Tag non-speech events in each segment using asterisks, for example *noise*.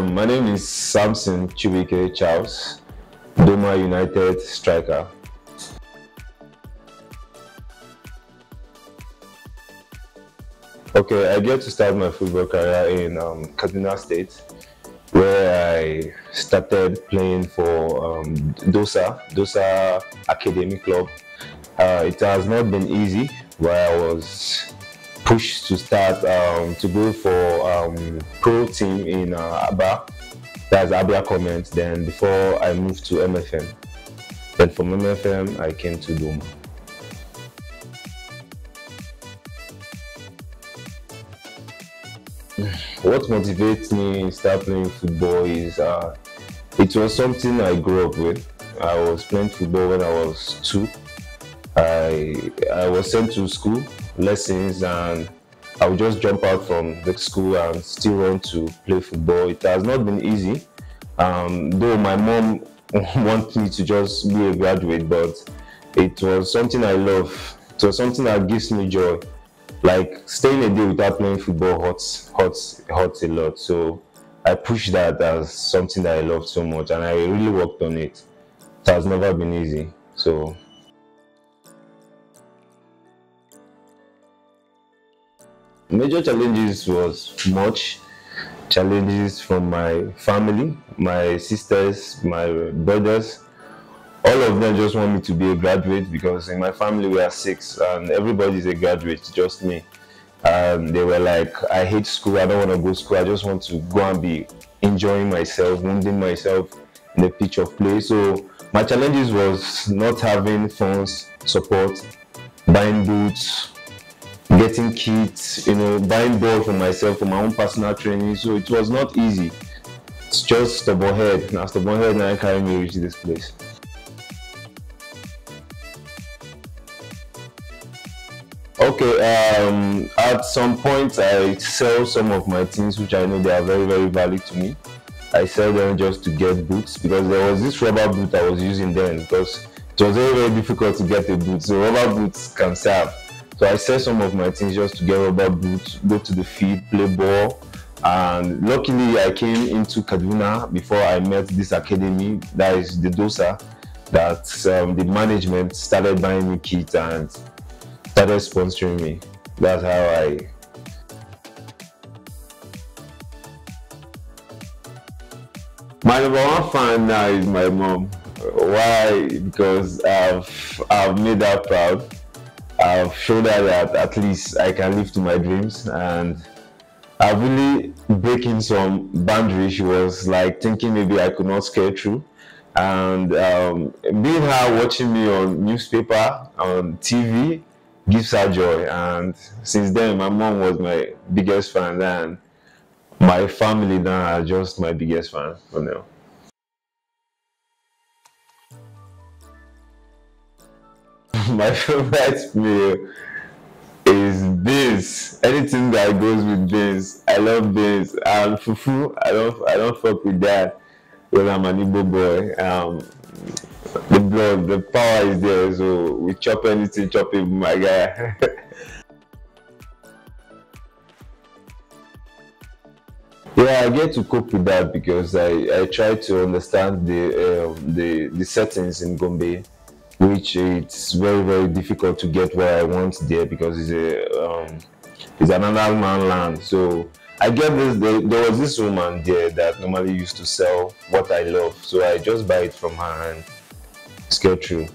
Um, my name is Samson Chiwike Charles, Doma United striker. Okay, I get to start my football career in um, Kaduna State, where I started playing for um, Dosa, Dosa Academy Club. Uh, it has not been easy, where I was push to start um, to go for um, pro team in uh, Aba. That's Abia comment. Then before I moved to MFM. Then from MFM I came to Doma. *sighs* What motivates me to start playing football is uh, it was something I grew up with. I was playing football when I was two. I I was sent to school lessons and I would just jump out from the school and still want to play football. It has not been easy, um, though my mom *laughs* wants me to just be a graduate, but it was something I love. It was something that gives me joy. Like staying a day without playing football hurts, hurts, hurts a lot. So I pushed that as something that I love so much, and I really worked on it. It has never been easy. So Major challenges was much challenges from my family, my sisters, my brothers. All of them just want me to be a graduate because in my family we are six and everybody is a graduate, just me. Um, they were like, I hate school, I don't want to go to school, I just want to go and be enjoying myself, wounding myself in the pitch of play. So my challenges was not having funds, support, buying boots, getting kits, you know, buying ball for myself for my own personal training. So it was not easy. It's just stubborn head. Now stubborn head now carrying me reach this place. Okay, um, at some point I sell some of my things which I know they are very, very valid to me. I sell them just to get boots because there was this rubber boot I was using then because it was very, very difficult to get a boot. So rubber boots can serve so I sell some of my things just to get rubber boots, go to the field, play ball. And luckily, I came into Kaduna before I met this academy, that is the DOSA, that um, the management started buying me kits and started sponsoring me. That's how I My number one fan now is my mom. Why? Because I've I've made her proud. I've showed her that at least I can live to my dreams and I've really breaking some boundaries. She was like thinking maybe I could not scale through. And um, being her watching me on newspaper, on TV, gives her joy. And since then, my mom was my biggest fan, and my family now are just my biggest fan for now. *laughs* my favorite meal is beans. Anything that goes with beans, I love beans. And fufu, I don't, I don't fuck with that. When I'm an Igbo boy, um, the blood, the power is there. So we chop anything, chop it, my guy. *laughs* yeah, I get to cope with that because I, I try to understand the um, the the settings in Gombe which it's very very difficult to get where I want there because it's a um, it's another man land. So I get this. There, there was this woman there that normally used to sell what I love, so I just buy it from her and scale through.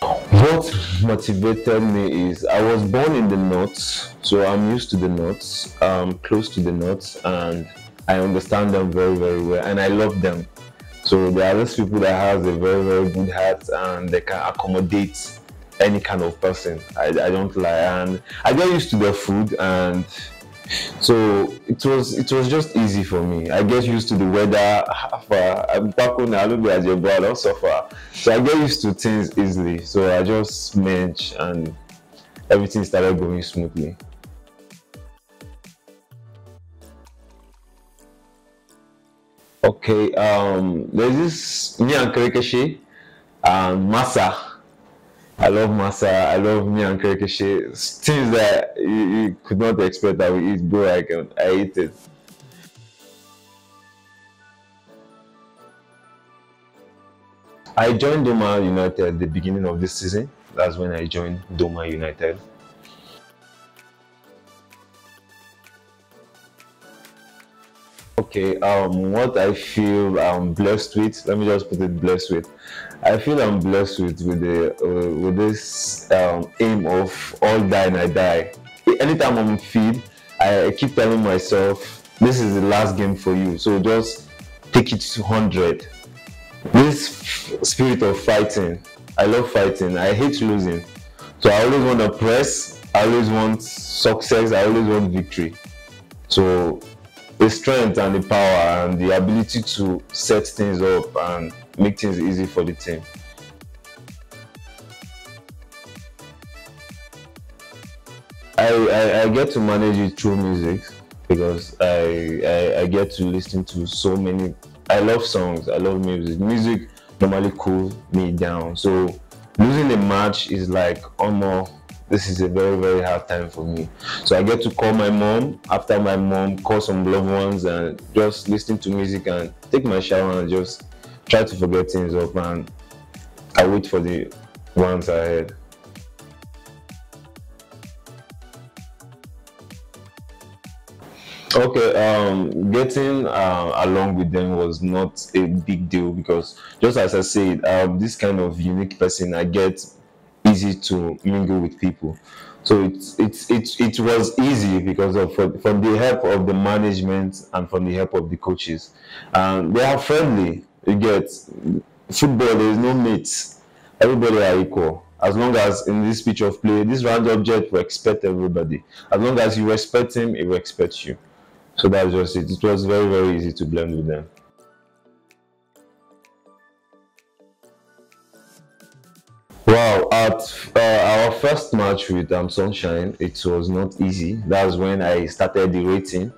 What motivated me is I was born in the north, so I'm used to the north, um, close to the north, and I understand them very, very well and I love them. So there are those people that has a very, very good heart and they can accommodate any kind of person. I, I don't lie. And I get used to their food and so it was it was just easy for me. I get used to the weather. I'm back on a little bit as your brother, so far. So I get used to things easily. So I just manage, and everything started going smoothly. Okay, um, there's this Nyan Kerekeshi and um, Masa. I love Masa, I love Nyan Kerekeshi. Things that you, you, could not expect that we eat, bro. I can, I eat it. I joined Doma United at the beginning of this season. That's when I joined Doma United. Okay, um, what I feel I'm blessed with, let me just put it blessed with. I feel I'm blessed with with the uh, with this um, aim of all die and I die. Anytime I'm feed, I, keep telling myself this is the last game for you. So just take it to hundred. This spirit of fighting, I love fighting. I hate losing, so I always want to press. I always want success. I always want victory. So the strength and the power and the ability to set things up and make things easy for the team. I, I, I get to manage it through music because I, I, I get to listen to so many. I love songs. I love music. Music normally cools me down. So losing a match is like almost um, this is a very very hard time for me so i get to call my mom after my mom call some loved ones and just listen to music and take my shower and just try to forget things up and i wait for the ones ahead okay um, getting uh, along with them was not a big deal because just as i said um, this kind of unique person i get easy to mingle with people. So it's it's it, it was easy because of from the help of the management and from the help of the coaches. Um, they are friendly. You get football. There is no mates. Everybody are equal. As long as in this pitch of play, this round object will expect everybody. As long as you respect him, he will expect you. So that's just it. It was very very easy to blend with them. Wow, at uh, our first match with um, Sunshine, it was not easy. That's when I started the rating.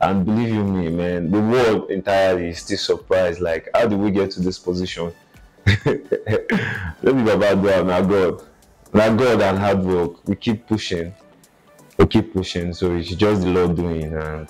And believe you me, man, the world entirely is still surprised. Like, how did we get to this position? *laughs* Let me go back there. Now, God, my God, and hard work. We keep pushing. We keep pushing. So it's just the Lord doing. And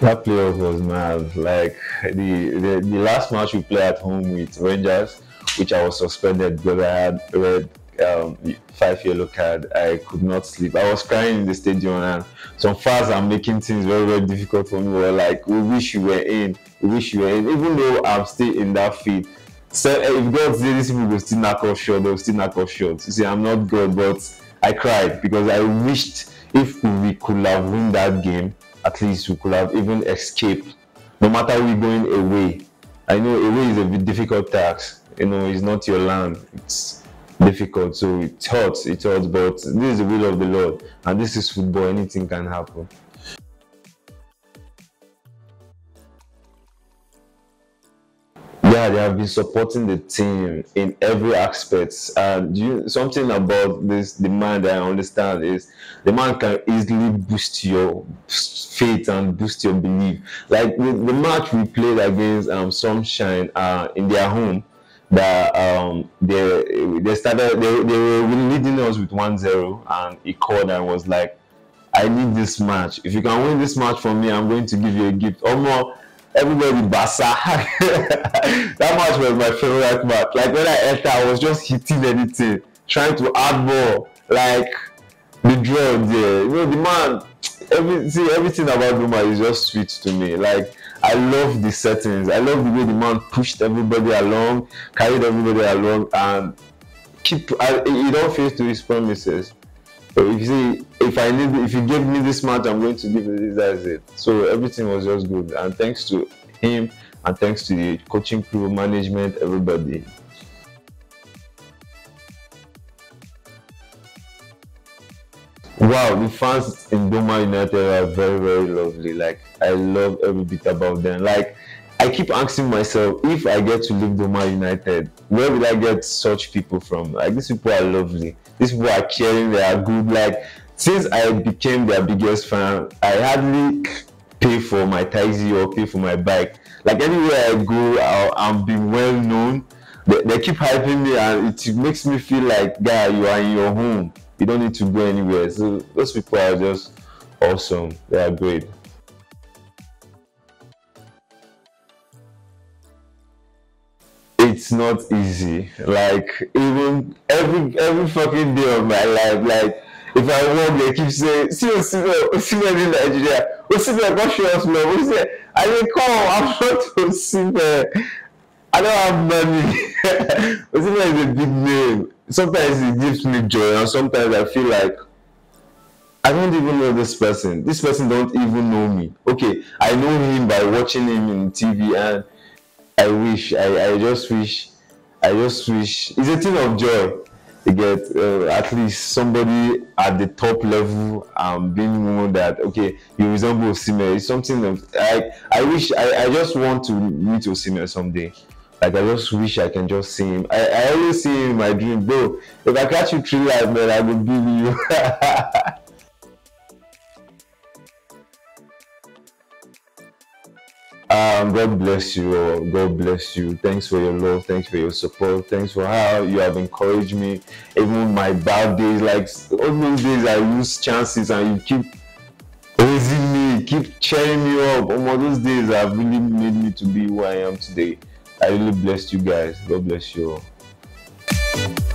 that playoff was mad. Like the, the, the last match we played at home with Rangers, which I was suspended because I had red um, five yellow card. I could not sleep. I was crying in the stadium, and some fans are making things very, very difficult for me. We were like, we wish you were in. We wish you were in. Even though I'm still in that field, so eh, if God said this, we will still knock off short, they will still knock off short. You see, I'm not God, but I cried because I wished if we could have won that game, at least we could have even escaped no matter we going away. I know away is a difficult task. You know, it's not your land. It's difficult. So it hurts. It hurts. But this is the will of the Lord, and this is football. Anything can happen. yeah, they have been supporting the team in every aspect. And you, something about this the man that I understand is the man can easily boost your faith and boost your belief. Like the, the match we played against um, Sunshine uh, in their home, that um, they they started they, they were leading us with 1-0 and he called and was like, I need this match. If you can win this match for me, I'm going to give you a gift. or more." everybody basa *laughs* that match was my favorite match like when i enter i was just hitting anything trying to add more like the draw there you know the man every see everything about Duma is just sweet to me like I love the settings I love the way the man pushed everybody along carried everybody along and keep I, he don't fail to his promises if you see, if I need, if you give me this much, I'm going to give you this. That's it. So everything was just good, and thanks to him, and thanks to the coaching crew, management, everybody. Wow, the fans in Doma United are very, very lovely. Like I love every bit about them. Like I keep asking myself, if I get to leave Doma United, where will I get such people from? Like these people are lovely. these people are caring. they are good like since i became their biggest fan i hardly pay for my taxi or pay for my bike like anywhere i go i'll, I'll be well known they, they keep hyping me and it makes me feel like guy you are in your home you don't need to go anywhere so those people are just awesome they are great it's not easy. Like even every every fucking day of my life, like if I work, they keep saying, "See, oh, see, oh, *laughs* see, see in Nigeria. What's oh, it like? What's your flow? What's it?" I say, "Come, I'm not from *laughs* Sibe. *laughs* I don't have money. What's it like? A big name. Sometimes it gives me joy, and sometimes I feel like." I don't even know this person. This person don't even know me. Okay, I know him by watching him in TV and I wish I, I just wish I just wish it's a thing of joy to get uh, at least somebody at the top level um, being known that okay you resemble Osimhen. It's something of, I I wish I, I just want to meet Osimhen someday. Like I just wish I can just see him. I, I always see him in my dream, bro. If I catch you three live, man, I will be you. *laughs* Um, God bless you. All. God bless you. Thanks for your love. Thanks for your support. Thanks for how you have encouraged me. Even my bad days, like all those days, I lose chances and you keep raising me, keep cheering me up. All those days have really made me to be who I am today. I really bless you guys. God bless you all.